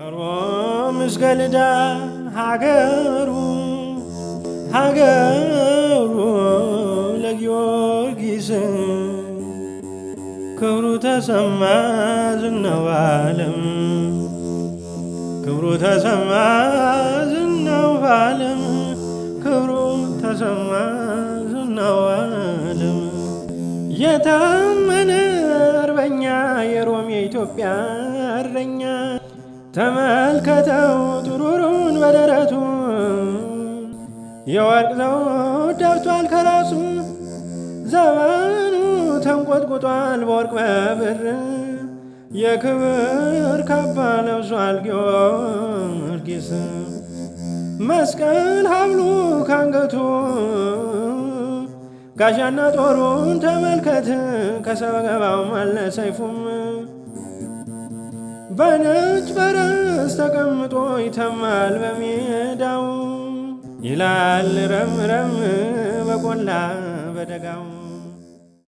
ከሮም እስከ ሀገሩ ሀገሩ ለጊዮርጊስ ክብሩ ተሰማ ዝናው ዓለም ክብሩ ተሰማ ዝናው ዓለም ክብሩ ተሰማ ዝናው ዓለም የታመነ አርበኛ የሮም የኢትዮጵያ እረኛ ተመልከተው ጥሩሩን በደረቱ የወርቅ ዘውድ ዳብቷል ከራሱ ዘመኑ ተንቆጥቁጧል በወርቅ በብር የክብር ካባ ለብሷል ጊዮርጊስ መስቀል ሀብሉ ካንገቱ ጋሻና ጦሩን ተመልከት ከሰበገባውም አለ ሰይፉም በነጭ ፈረስ ተቀምጦ ይተማል በሜዳው ይላል ረም ረም በቆላ በደጋው